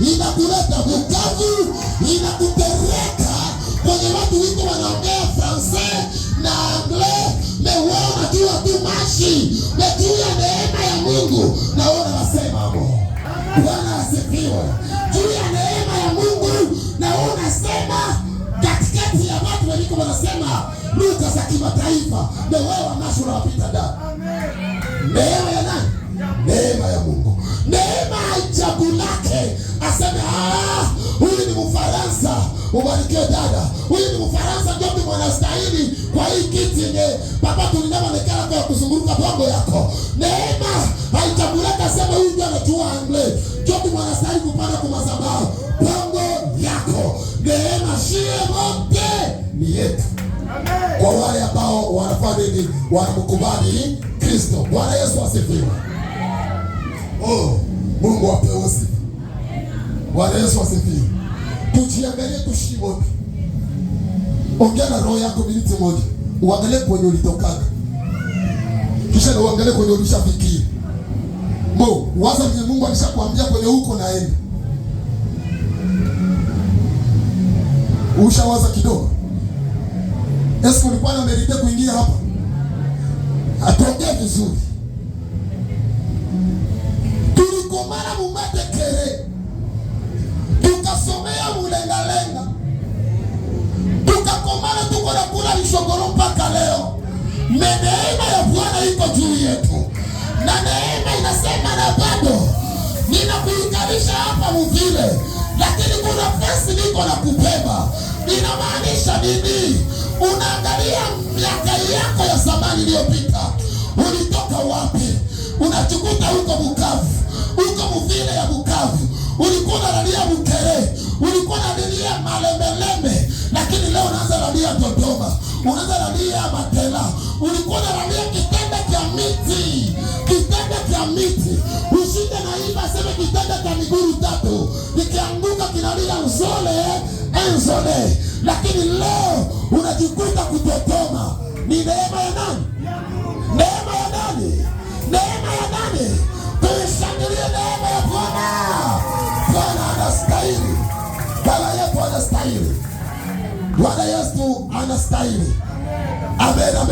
inakuleta ukavu, inakupeleka kwenye watu wiko wanaongea francais na anglais, mewonajua tu mashi metuya neema ya Mungu na wao wanasema hapo. Bwana asifiwe juu ya neema ya Mungu na wao wanasema katikati ya watu waliko wanasema lugha za kimataifa, na wa wanasho nawapita da huyu ni Mfaransa, ubarikiwe dada. Huyu ni Mfaransa, ndio mimi mwanastahili kwa hii kiti nye baba tulinamaonekana kwa kuzunguruka bongo yako. Neema haitabuleka sema huyu ndio anajua angle, ndio mimi mwanastahili kupanda kwa madhabahu bongo yako. Neema shie mote ni yetu, amen. Kwa wale ambao wanafanya nini, wanamkubali Kristo. Bwana Yesu asifiwe. Oh, Mungu apewe sifa. Bwana Yesu asifiwe. Tujiangalie tushi wote. Ongea na roho yako miniti moja. Uangalie kwenye ulitokaka. Kisha na uangalie kwenye ulishafikia. Mo, waza mwenye Mungu alishakwambia kwenye huko naenda. Ushawaza kidogo. Esko ulikuwa na meridia kuingia hapa. Atongea vizuri. Tulikomana mumate tukasomea mulengalenga, tukakomana, tuko na kula lishogoro mpaka leo. Neema ya Bwana iko juu yetu, na neema inasema na bado ninakuikalisha hapa uvile lakini kuna fesi niko na kubeba. Inamaanisha nini? Unaangalia miaka yako ya zamani iliyopita, ulitoka wapi? Unachukuta huko ulikuwa unalalia Mtere, ulikuwa unalalia Malemeleme, lakini leo unaanza lalia Dodoma, unaanza lalia Matela, ulikuwa unalalia kitanda cha miti, kitanda cha miti. Ushinde na iba sema kitanda cha miguru tatu, nikianguka kinalia uzole enzole, lakini leo unajikuta kutotoma. Ni neema ya nani? Neema ya nani? Neema ya nani? Tuishangilie. anastahili. Bwana Yesu anastahili. Amen, amen.